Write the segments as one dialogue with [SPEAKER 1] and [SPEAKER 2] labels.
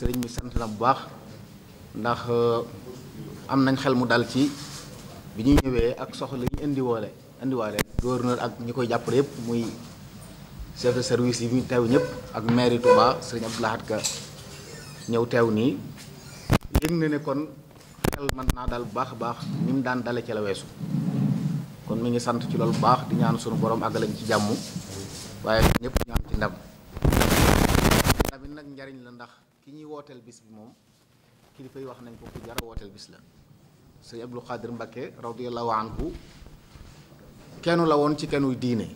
[SPEAKER 1] sëriñ bi sant na bu baax ndax euh, am nañ xel mu dal ci bi ñu ñëwee ak soxla yi ñu indiwoole indiwaale gouverneur ak ñi koy jàppale yëpp muy chef de service yi ñu teew ñëpp ak maire Touba sëriñ Abdou Lahad Ka ñëw teew nii yëg na ne kon xel mën naa dal bu baax a baax ni mu daan dale ci la weesu kon mi ngi sant ci loolu bu baax di ñaan suñu boroom àgg lañ ci jàmm waaye ñëpp ñu ci ndam tamit nag njariñ la ndax ki ñi wotel bis bi mom kilifa yi wax nañ ko ku jar wotel bis la sey abdul Khadir mbake radiyallahu anhu kenu la won ci kenu diine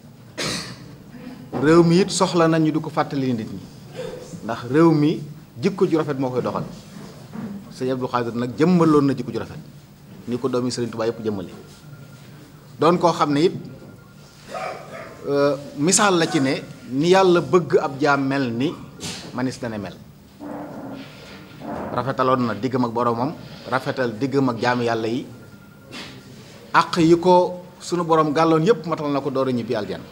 [SPEAKER 1] rew mi it soxla nañu ñu ko nit ñi ndax rew mi jikko ju rafet mo koy doxal sey abdul Khadir nag jëmmaloon na jikko ju rafet ni ko doomi serigne touba yëpp jëmmalé don ko xam it euh misal la ci ne ni yalla bëgg ab jaam mel manis dana mel rafetalon na diggam ak boromam rafetal diggam ak jami yalla yi ak yi ko sunu borom galon yep matal nako ko ñibi aljana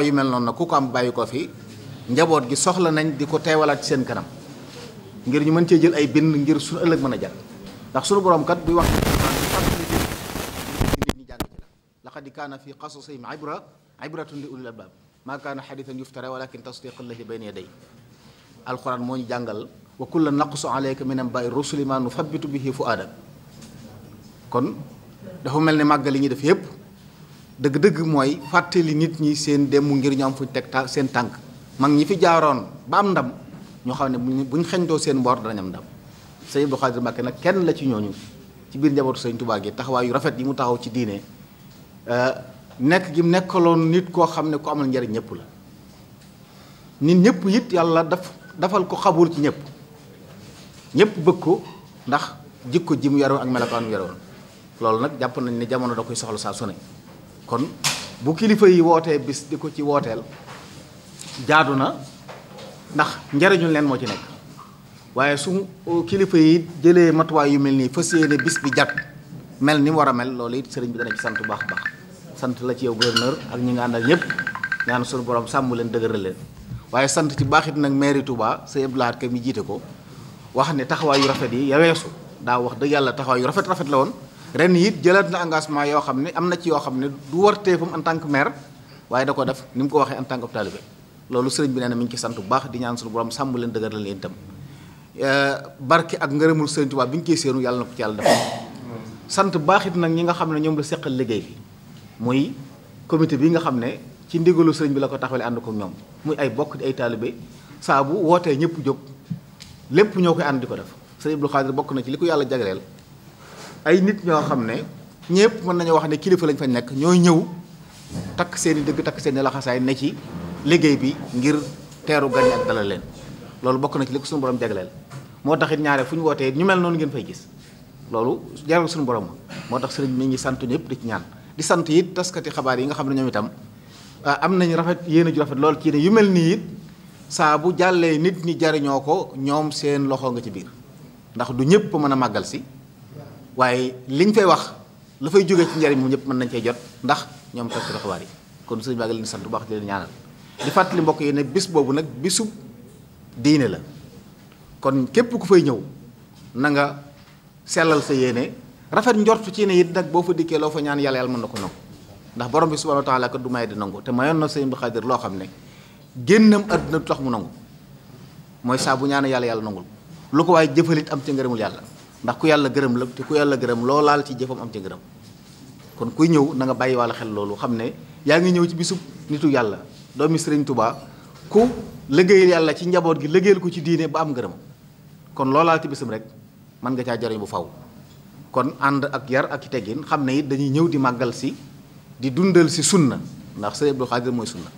[SPEAKER 1] yu mel non na ku ko am bayiko fi njabot gi soxla nañ diko teewalat ci seen kanam ngir ñu mën ci jël ay bind ngir suñu ëlëk mëna a ndax sunu borom kat bi wax nit kana fi qasasihim ibra ibratun li ulil albab ma kana hadithan yuftara walakin tasdiqan lahi bayna yaday alquran moñu jangal wa kullan naqsu alayka min anba'i rusuli ma bi bihi fu'aadak kon dafa mel ni màggal yi ñuy def yépp dëgg-dëgg mooy fàttali nit ñi seen démb ngir ñu am fu teg seen tànk mag ñi fi jaaroon ba am ndam ñoo xam ne buñ xeñtoo seen mboor danañ am ndam sëñ Abdou Khadir Mbacké nag kenn la ci ñooñu ci biir njabootu sëñ Tuubaa gi taxawaay yu rafet yi mu taxaw ci diine euh, nekk gi mu nekkaloon nit koo xam ne ku amal njariñ ñëpp la nit ñëpp it yàlla daf dafal ko xabul ci ñëpp ñepp bëgg ko ndax jikko jimu yaro ak melokaan yaro nak nak japp nañ ni jamono da koy soxlu sa kon bu kilifa yi wote bis diko ci wotel jaaduna ndax njariñul len mo ci nek waye su kilifa yi jëlee matwa yu melni fassiyene bis bi jatt mel ni mu mel lool it sëriñ bi dana ci sant bax bax sant la ci yow gouverneur ak ñi nga àndal ñëpp ñaan suñu borom sambu len dëgëral len waye sant ci baxit nak mairie Touba sey Abdoulaye mi ko wax ne taxawaayu rafet yi ya weesu daa wax dëgg yàlla taxawaayu rafet rafet la woon ren it jëlaat na engagement yoo xam ne am na ci yoo xam ne du warteefam en tant que maire waaye da ko def ni mu ko waxee en tant que loolu sëriñ bi nee mi ngi sant bu baax di ñaan suñu borom sàmm leen dëgër leen itam eh, barke ak ngërëmul sëriñ Tuubaa bi ñu koy séenu yàlla na ko ci yàlla defal sant baax it nag ñi nga xam ne ñoom la seqal liggéey bi muy comité bi nga xam ne ci ndigalu sëriñ bi la ko taxawale ànd ko ñoom muy ay bokk di ay talibé saa bu wootee ñëpp jóg lépp ñoo koy ànd di ko def sëriñ Abdou Khadre bokk na ci li ko yàlla jagleel ay nit ñoo xam ne ñëpp mën nañoo wax ne kilifa lañ fa nekk ñooy ñëw takk seen i dëgg takk seen i laxasaay ne ci liggéey bi ngir teeru gan yi ak dalal leen loolu bokk na ci li ko suñu borom jagleel moo tax it ñaare fu ñu wootee ñu mel noonu ngeen fay gis loolu jaral suñu borom moo tax sëriñ mi ngi sant ñëpp di ñaan di sant it taskati xabaar yi nga xam ne ñoom itam ah, am nañu rafet yéen a ju rafet lool ci yu mel nii it saa bu jàllee nit ñi jariñoo ko ñoom seen loxo nga ci biir ndax du ñëpp mën a màggal si waaye liñ fay wax la fay jógee ci njariñ mu ñëpp mën nañ cee jot ndax ñoom tax ci xibaar yi kon sëñ baa ngi leen baax di leen ñaanal fàttali mbokk yi ne boobu nag bisu diine la kon képp ku fay ñëw na nga sellal sa yéene rafet njort ci ne it nag boo fa dikkee loo fa ñaan yàlla yàlla mën na ko nangu ndax borom bi subhanahu wa taala kat du may di nangu te mayoon na sëñ bi xadir loo xam ne génnam àdduna du tax mu nangu mooy saa bu ñaan yàlla yàlla nangul lu ko waaye jëfalit am ci ngërëmul yàlla ndax ku yàlla gërëm la ku yàlla gërëm loo laal ci jëfam am ci ngërëm kon kuy ñëw na nga bàyyi wàlla xel loolu xam ne yaa ngi ñëw ci bisub nitu yàlla doomi sëriñ Tuubaa ku liggéeyal yàlla ci njaboot gi liggéeyal ko ci diine ba am ngërëm kon loo laal ci bisum rek mën nga caa jariñ bu faw kon ànd ak yar ak teggin xam ne it dañuy ñëw di màggal si di dundal si sunna ndax sëriñ Abdul Xaadir mooy sunna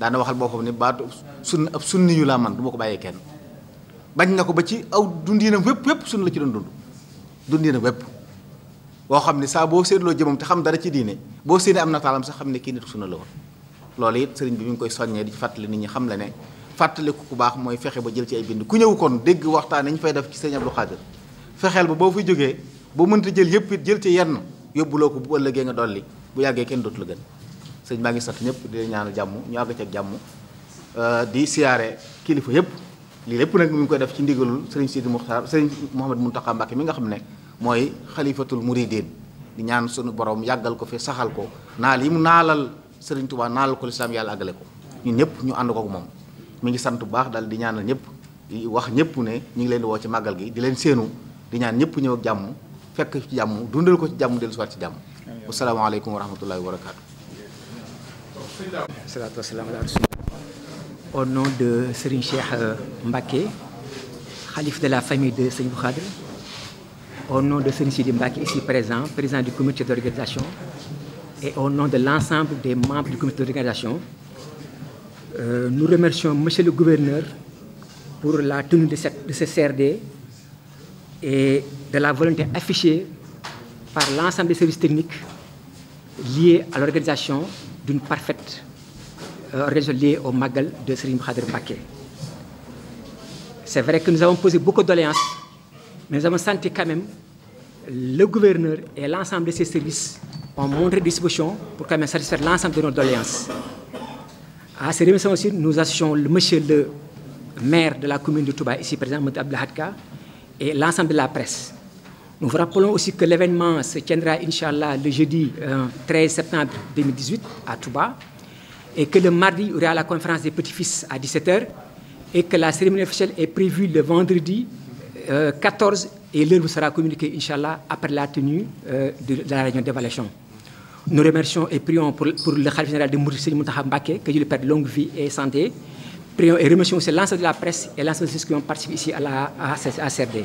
[SPEAKER 1] daana waxal boppam ne baatu sunn ab sunni yu laa man du ma ko bàyyee kenn bañ nga ko ba ci aw dundinam wépp wépp sunn la ci doon dund dundinam wépp boo xam ne saa boo seetloo jëmam te xam dara ci diine boo séenee am nataalam sax xam ne kii nit sunna la woon loolu it sëriñ bi mi ngi koy soññee di fàttali nit ñi xam la ne fàttaliku ku baax mooy fexe ba jël ci ay bind ku ñëw kon dégg waxtaan nañ fay def ci sëriñ Abdou Khadir fexeel ba boo fi jógee boo mënta jël yëpp it jël ci yenn yóbbuloo ko bu ëllëgee nga dolli bu yàggee kenn dootu la gën sëñ maa ngi sant ñëpp di ñaanu jàmm ñu àgg ca jàmm euh, di siyaare kilifa yëpp lii lépp nag mu ngi koy def ci ndigalul sëriñ Sidi Muxtaar sëriñ Mouhamed Mountakha Mbacké mi nga xam ne mooy xalifatul muridin di ñaan sunu borom yàggal ko fi saxal ko naal yi mu naalal sëriñ Touba naalal ko lislaam yàlla àggale ko ñëpp ñu ànd ko moom mi ngi sant bu baax daal di ñaanal ñëpp di wax ñëpp ne ñu ngi leen di woo ci màggal gi di leen séenu di ñaan ñëpp ñëw jàmm fekk ci jàmm dundal ko ci jàmm dellusiwaat ci jàmm. asalaamaaleykum wa rahmatullahi wa
[SPEAKER 2] Au nom de Sérin Cheikh euh, Mbake, Khalif de la famille de Seigneur Khadr, au nom de Sérin Sidi Mbake ici présent, président du comité d'organisation, et au nom de l'ensemble des membres du comité d'organisation, euh, nous remercions Monsieur le gouverneur pour la tenue de, de ce CRD et de la volonté affichée par l'ensemble des services techniques liés à l'organisation d'une parfaite euh, résolution au Magal de Srim Khadir Mbake. C'est vrai que nous avons posé beaucoup doléances, mais nous avons senti quand même le gouverneur et l'ensemble de ses services ont montré disposition pour quand même satisfaire l'ensemble de nos doléances. À ces nous assurons le monsieur le maire de la commune de Touba, ici présent, M. Abdelhadka, et l'ensemble de la presse. Nous vous rappelons aussi que l'événement se tiendra, inshallah le jeudi 13 euh, septembre 2018 à Touba et que le mardi, aura la conférence des petits-fils à 17h et que la cérémonie officielle est prévue le vendredi 14 euh, et l'heure vous sera communiquée, inshallah après la tenue euh, de, la réunion d'évaluation. Nous remercions et prions pour, le Khalif général de Mourissé Mbake, que Dieu lui perde longue vie et santé. Prions et remercions aussi l'ensemble de la presse et l'ensemble de ceux qui ont participé ici à la CRD.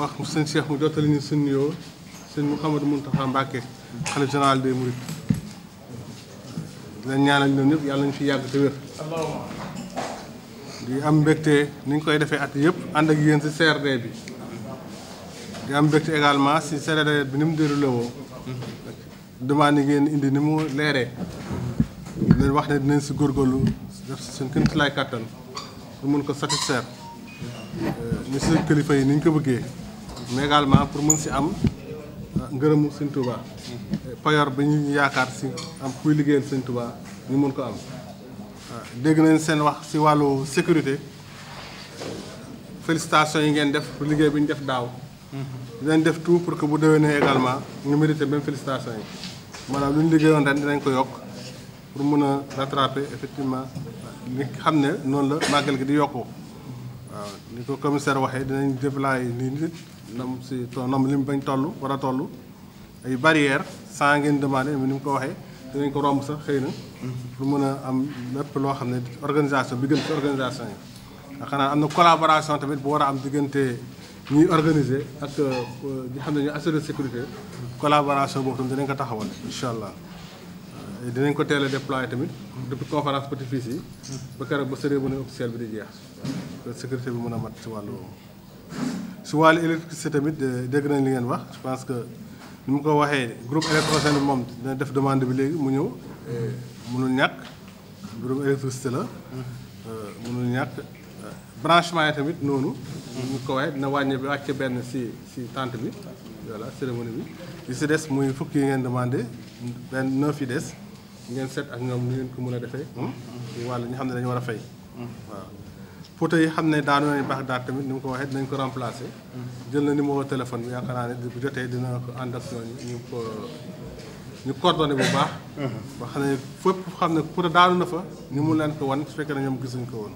[SPEAKER 3] wax sëñ Cheikh mu jottali ñu sëñ nuyoo sëñ Mouhamadou Mountakha Mbacké xalifa général des Mourides dinañ ñaanal ñoom ñëpp yàlla nañ fi yàgg te wér. di am mbégte ni ñu koy defee at yëpp ànd ak yéen si CRD bi di am mbégte également si CRD bi ni mu déroulé woo demande yi ngeen indi ni mu leeree leen wax ne dinañ si góorgóorlu def seen kënt lay kàttan pour mun ko satisfaire ñu si kilifa yi ni ñu ko bëggee. mais également pour mën si am ah, ngërëmu sëñ Touba payor ba ñu yaakaar si am kuy liggéeyal sëñ Touba ñu mën ko am ah, dégg nañ seen wax si wàllu sécurité félicitations yi ngeen def pour liggéey bi ñu def daaw mhm. dinañ def tout pour que bu déwénee également ñu mérité même félicitation yi maanaam lu ñu liggéeyoon ren dinañ ko yokk pour mun a rattraper effectivement ah, li xam ne noonu la màggal gi di yokkoo waaw ni ko commissaire waxee dinañ déployer nii nit ndam si li mu bañ toll war a toll ay barrières saa ngeen demandé ni mu ko waxee danañ ko romb sax xëy na pour mën a am lépp loo xam ne organisation bi gën ci organisation yi xanaa am na collaboration tamit bu war a am diggante ñuy organiser ak euh, ñi xam ne ñu assurer sécurité collaboration boobu tam dinañ ko taxawal incha allah dinañ ko teel a déployer tamit depuis conférence petit yi ba keroog ba cérémonie officielle bi di jeex sécurité bi mun a mat si wàllu woowu si wàllu électricité tamit euh, dégg nañ li ngeen wax je pense que ni mu ko waxee groupe électrogène bi moom dina def demande bi léegi mu ñëw euh, mënul ñàkk groupe électricité la euh, mënul ñàkk branchement yi tamit noonu ñu ko waxee dina wàññi bi wàcce benn si si tente bi voilà cérémonie bi li si des muy fukk yi ngeen demandé benn neuf fi des ngeen seet ak ñoom ni ngeen ko mën a defee. Hmm? wala ñu xam ne dañu war a fay. Hmm. waaw poto yi xam ne daanu nañu baax daal tamit nu mu ko waxee dañ ko remplacer. Hmm. jël na numéro téléphone bi yaakaar naa ne bu jotee dina ko ànd ak ñu ko ñu coordonné bu baax. ba xam xam ne poto daanu na fa ñu mun leen ko wan su fekkee ne ñoom gisuñ ko woon.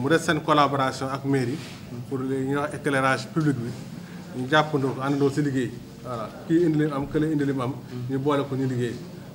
[SPEAKER 3] mu des seen collaboration ak mairie pour li ñuy wax éclairage public bi ñu jàppandoo ko àndandoo si liggéey voilà kii indi lim am kële indi lim am ñu boole ko ñu liggéey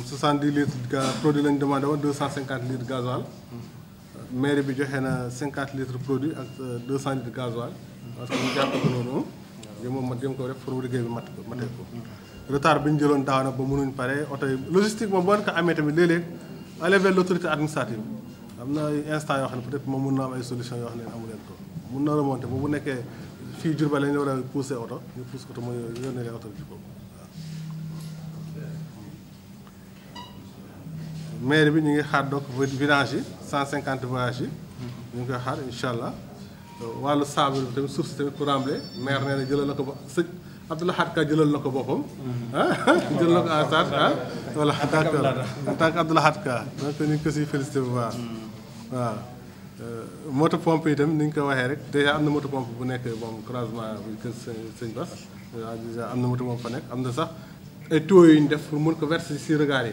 [SPEAKER 3] moom 70 litres produit la ñu demandé woon 250 litres gasoil mairie bi joxe na 50 litres produit ak 200 euh, litres gasoil parce que ñu jàpp ko noonu jéemoon ma jéem ko def pour liggéey bi mat ko matee bi ñu jëloon daaw nag ba mënuñ pare oto yi logistique moom boo ko amee tamit léeg-léeg aller vers l'autorité administrative am na ay instant yoo xam ne peut être moom mun na am ay solution yoo xam ne amu leen ko mun na remonter bu nekkee fii Diourbel la ñu war a poussé oto maire bi ñu ngi xaar donc vidange yi cinquante voyages yi. Mm-hmm. ñu ngi koy xaar incha allah wàllu sable bi tamit suuf si tamit pour rembler maire nee na jëlal na ko ba sëñ Abdoulaye Kharka jëlal na ko boppam. Mm-hmm. Ah, jël na ko en charge ah. voilà d'accord en tant que Abdoulaye Kharka donc ñu ngi ko siy félicité bu baax. Mm-hmm. Euh, moto pompe yi tamit ni ñu ko waxee rek dèjà am na moto pompe bu nekk moom croisement bi kër sëñ Bass am na moto pompe fa nekk am na sax ay tuyaux yu ñu def pour mën ko verser si regard yi.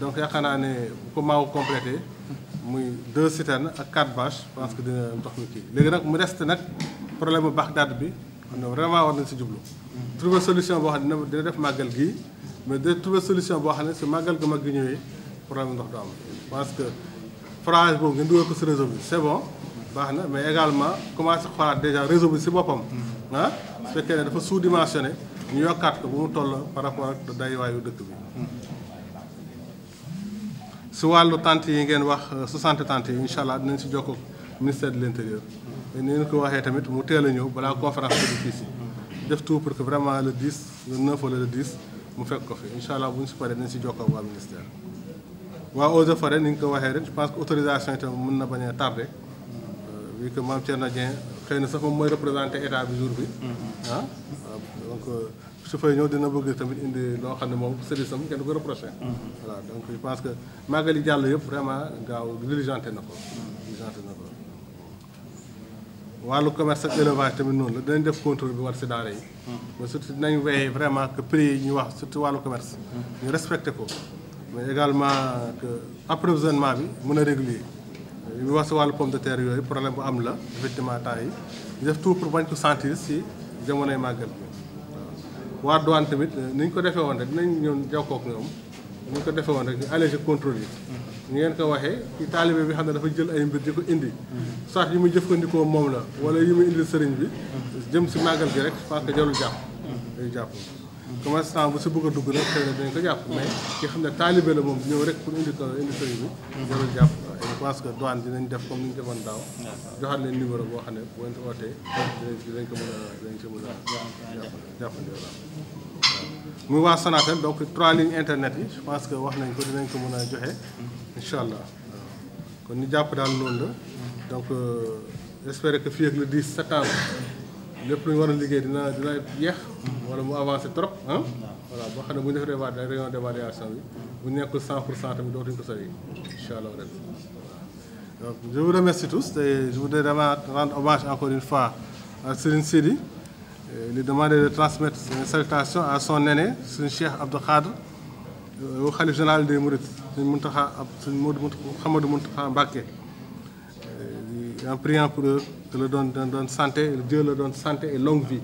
[SPEAKER 3] donc yaakaar naa ne bu ko maaw complété muy deux citernes ak quatre bâches parce que dina ndox mi kii léegi nag mu reste nag problème bu Bagdad bi xam ne vraiment war nañ si jublu trouver solution boo xam ne dina def màggal gii mais de trouver solution boo xam ne su màggal gu mag gi ñëwee problème ndox du am je pense que phrase boobu ngeen dugal ko si réseau bi c'est bon baax na mais également commencé xoolaat déjà réseau bi si boppam ah su fekkee ne dafa sous-dimensionné ñu yokkaat ko bu mu toll par rapport ak dayuwaayu dëkk bi su wàllu tant yi ngeen wax 60 euh, tente yi incha allah dinañ si jokkoo ministère de l' intérieur ni ñu ko waxee tamit mu teel a ñëw balaa conférence bi fii si def tout pour que vraiment le 10 le 9 wala le 10 mu fekk ko fi incha allah bu ñu si paree dinañ si jokkoo waa ministère. waa eaux et ni ñu ko waxee rek je que autorisation yi tamit mën na bañ a tardé euh, vu que maam Thierno Dieng xëy na sax moom mooy représenté état bi jour bi mm-hmm. ah euh, su fay ñëw dina bëgg tamit indi loo xam ne moom service kenn ko reproché. Mm-hmm. voilà donc je pense que Magali jàll yëpp vraiment gaaw diligenté na ko. Mm-hmm. diligenté na ko wàllu commerce ak élevage tamit noonu la dinañ def contrôle bi war si daara yi. Mm-hmm. mais surtout dinañ weye vraiment que prix yi ñu wax surtout wàllu commerce. ñu respecté ko mais également que approvisionnement bi mën a régulier. ñu wax si wàllu pomme de terre yooyu problème bu am la effectivement temps yi ñu def tout pour bañ ko sentir si jamonoy màggal bi. waa douane tamit euh, ni ñu ko defee woon rek dinañ ñëw jokkoo ak ñoom ni ñu ko defee woon rek ñu allégé contrôle yi ñu mm-hmm. ngeen ko waxee ci taalibe bi xam ne dafa jël ay mbir di ko indi mm-hmm. soit yi muy jëfandikoo moom la wala yi mu indi sëriñ bi mm-hmm. jëm si màggal gi rek parce que jarul jàpp day jàpp commerçant bu si bëgg a dugg nag xëy na dañ ko jàpp mais ki xam ne taalibe la moom ñëw rek pour indi ko indi sëriñ bi jarul jàpp je pense que douane dinañ def comme ni ñu defoon daaw. joxaat leen numéro boo xam ne bu ngeen ko ootee. dinañ ko mën a dinañ ko mën a jàppandi waaw. muy waa Sonatel donc trois lignes internet yi je pense que wax nañ ko dinañ ko mën a joxe. incha allah waaw kon ñu jàpp daal loolu la. donc j'espère que fii ak le 10 septembre. lépp lu ñu war a liggéey dina dina yeex wala mu avancé trop ah. voilà boo xam ne bu ñu defee réunion d'évaluation bi bu nekkul 100 pour cent tamit dootuñu ko sori incha allah. je vous remercie tous et je voudrais rendre hommage encore une fois à Sirin Sidi. lui lui demandé de transmettre ses salutations à son aîné, son Cheikh Abdou au Khalif général des Mourides, Hamadou Mountakha Mbaké. En priant pour eux, que le donne, donne santé, Dieu leur donne santé et longue vie.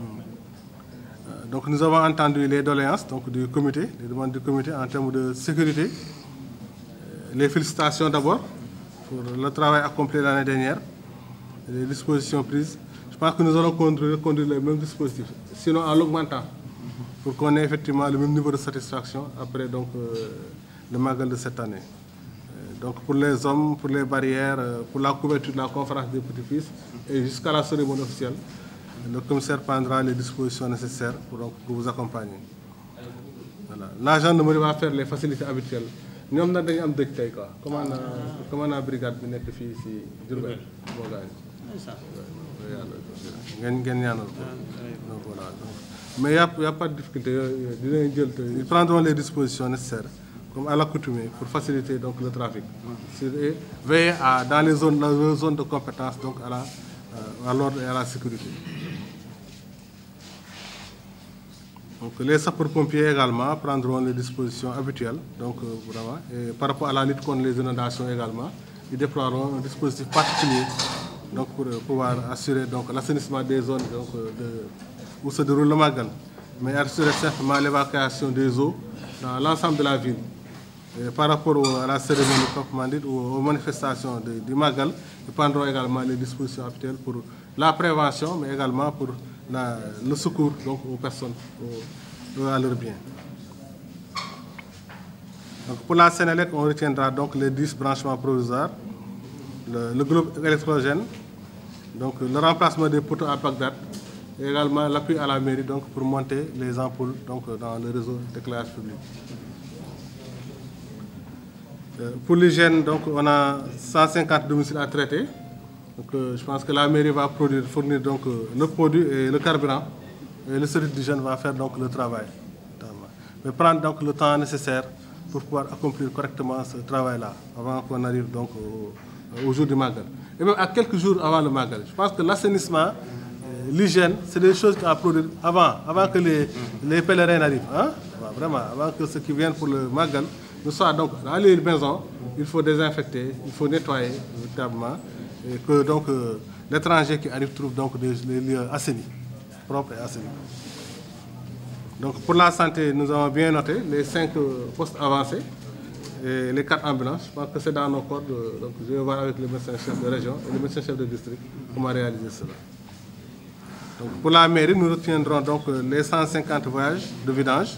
[SPEAKER 3] Euh, donc nous avons entendu les doléances donc, du comité, les demandes du comité en termes de sécurité. Euh, les félicitations d'abord pour le travail accompli l'année dernière, les dispositions prises. Je pense que nous allons conduire, les mêmes dispositifs, sinon en l'augmentant, pour qu'on ait effectivement le même niveau de satisfaction après euh, le magal de cette année. Euh, donc pour les hommes, pour les barrières, euh, pour la couverture de la conférence des petits-fils et jusqu'à la cérémonie officielle, le commissaire prendra les dispositions nécessaires pour, vous accompagner. L'agent ne ne va faire les facilités habituelles. Nous nag dañu am dëj tey quoi comment brigade bi nekk fii si Diourbel ngeen ngeen ñaanal voilà mais y a y a pas de difficulté dinañ jël ils prendront les dispositions nécessaires comme à l'accoutumée pour faciliter donc le trafic sur veiller à dans les zones les de compétence donc à la euh, à l'ordre et à la sécurité Donc les sapeurs-pompiers également prendront les dispositions habituelles, donc euh, Et par rapport à la lutte contre les inondations également, ils déploieront un dispositif particulier donc, pour euh, pouvoir assurer l'assainissement des zones donc, euh, où se déroule le Magal, mais assurer certainement l'évacuation des eaux dans l'ensemble de la ville. Et par rapport à la cérémonie proprement ou aux manifestations du Magal, ils prendront également les dispositions habituelles pour la prévention, mais également pour le secours aux personnes, à leurs biens. pour la Sénélec, on retiendra donc les 10 branchements provisoires, le, groupe électrogène, donc le remplacement des poteaux à Bagdad, et également l'appui à la mairie donc, pour monter les ampoules donc, dans le réseau d'éclairage public. Euh, pour l'hygiène, donc, on a 150 domiciles à traiter. Euh, je pense que la mairie va produire, fournir donc, euh, le produit et le carburant. Et le service d'hygiène va faire donc, le travail. Mais prendre donc, le temps nécessaire pour pouvoir accomplir correctement ce travail-là, avant qu'on arrive au, jour du Magal. Et même à quelques jours avant le Magal. Je pense que l'assainissement, euh, l'hygiène, c'est des choses à produire avant, avant que les, les pèlerins arrivent. Hein. Vraiment, avant que ceux qui viennent pour le Magal ne soient donc dans les maisons, il faut désinfecter, il faut nettoyer véritablement et que donc euh, l'étranger qui arrive trouve donc des, lieux assainis, propres et assainis. Donc pour la santé, nous avons bien noté les cinq euh, postes avancés et les quatre ambulances. Je pense que c'est dans nos cordes. Euh, donc je vais voir avec le médecin chef de région et le médecin chef de district comment réaliser cela. pour la mairie, nous retiendrons donc les 150 voyages de vidange,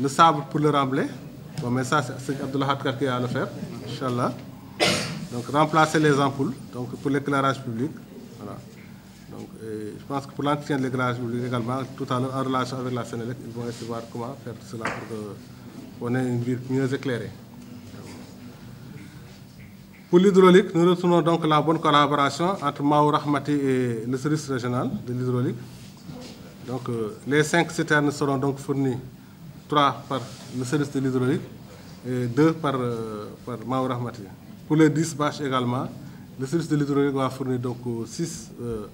[SPEAKER 3] le sable pour le remblai. mais ça, c'est Abdullah Hadkar qui a à le faire, Inch'Allah. Donc remplacer les ampoules pour l'éclairage public. je pense que pour l'entretien de l'éclairage public également, tout à l'heure en relation avec la Sénélec, ils vont essayer de voir comment faire cela pour qu'on ait une ville mieux éclairée. Pour l'hydraulique, nous retournons donc la bonne collaboration entre Mao Rahmati et le service régional de l'hydraulique. Donc euh, les cinq citernes seront donc fournies, trois par le service de l'hydraulique et deux par, euh, par pour les 10 bâches également, le service de l'hydraulique va fournir donc 6, euh,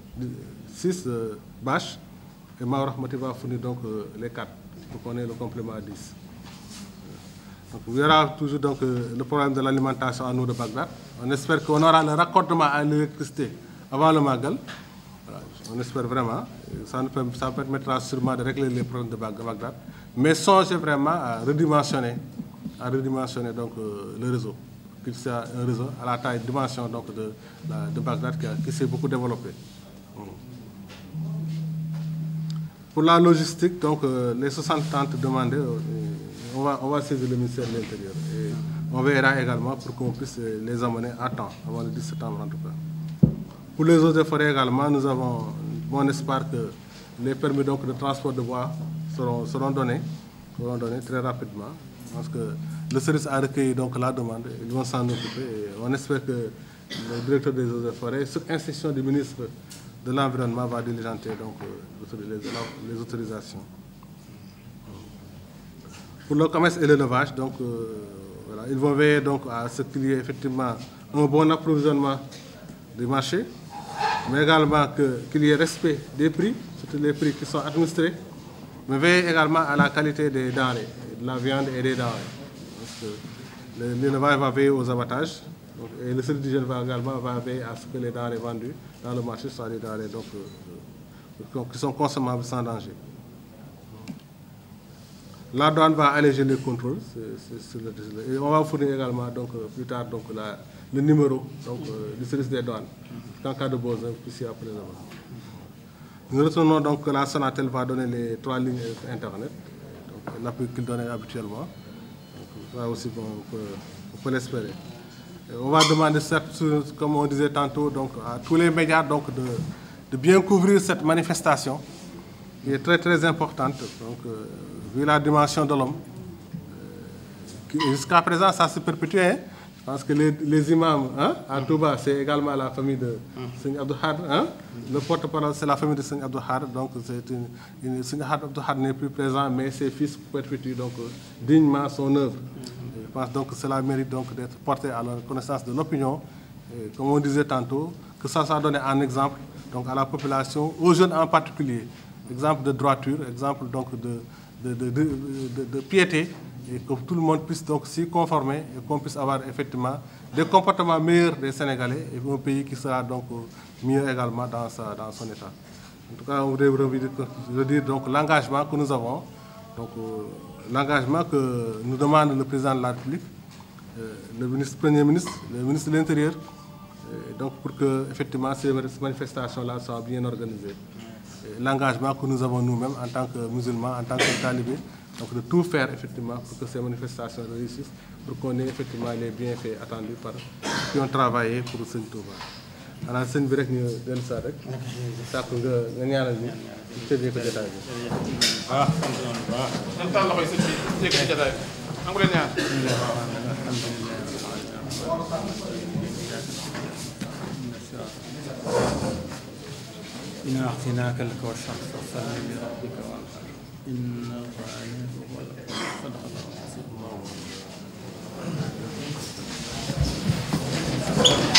[SPEAKER 3] bâches euh, euh, et Maorahmati va fournir donc les 4. pour qu'on ait le complément à 10. il y aura toujours donc, le problème de l'alimentation en eau de Bagdad. On espère qu'on aura le raccordement à l'électricité avant le Magal. on espère vraiment. Ça, ça permettra sûrement de régler les problèmes de Bagdad. Mais songez vraiment à redimensionner, à redimensionner donc, le réseau c'est un réseau à la taille, dimension donc de, de Bagdad qui, s'est beaucoup développé. Pour la logistique, donc euh, les 60 tentes demandées, euh, on, va, on saisir le ministère de l'Intérieur. on verra également pour qu'on puisse euh, les amener à temps, avant le 10 septembre en tout cas. Pour les autres forêts également, nous avons, bon espoir que les permis donc, de transport de bois seront, seront, donnés, seront donnés très rapidement. Parce que le service a recueilli donc la demande, ils vont s'en occuper. on espère que le directeur des eaux et forêts, sous instruction du ministre de l'Environnement, va diligenter donc, euh, les, autorisations. Pour le commerce et l'élevage, donc, euh, ils vont veiller donc, à ce qu'il y ait effectivement un bon approvisionnement du marché, mais également qu'il y ait respect des prix, surtout les prix qui sont administrés, mais veiller également à la qualité des denrées, de la viande et des denrées l'élevage va veiller aux abattages. et le service du va également va veiller à ce que les denrées vendues dans le marché soient des denrées euh, euh, qui sont consommables sans danger. La douane va alléger les contrôles. et on va fournir également donc, euh, plus tard donc, le numéro du service des douanes, en cas de besoin, après Nous retournons donc que la elle va donner les trois lignes Internet, l'appui qu'il donnait habituellement on, peut, l'espérer. On va demander, comme on disait tantôt, donc, à tous les médias donc, de, bien couvrir cette manifestation qui est très très importante. Donc, euh, vu la dimension de l'homme, euh, jusqu'à présent, ça se perpétue. Hein. Parce que les, imams hein, à Touba, c'est également la famille de Seigneur Abdouhad. Hein. Le porte-parole, c'est la famille de Seigneur Abdouhad. Donc, Signe une, n'est plus présent, mais ses fils perpétuent donc, dignement son œuvre. Je pense donc que cela mérite donc d'être porté à la connaissance de l'opinion. Comme on disait tantôt, que ça soit donné un exemple donc, à la population, aux jeunes en particulier. Exemple de droiture, exemple donc de, de, de, de piété et que tout le monde puisse donc s'y conformer et qu'on puisse avoir effectivement des comportements meilleurs des Sénégalais et un pays qui sera donc euh, mieux également dans, dans son état. En tout cas, on voudrait redire donc l'engagement que nous avons, donc euh, l'engagement que nous demande le président de la République, euh, le ministre, premier ministre, le ministre de l'Intérieur, donc pour que effectivement ces manifestations-là soient bien organisées. L'engagement que nous avons nous-mêmes en tant que musulmans, en tant que talibés, donc de tout faire effectivement pour que ces manifestations réussissent, pour qu'on ait effectivement les bienfaits attendus par qui ont travaillé pour le Touba Alors, c'est une rek ñu gën saa Ça sàkk nga nga ñaanal ñu ah إنه عليه هو صدق الله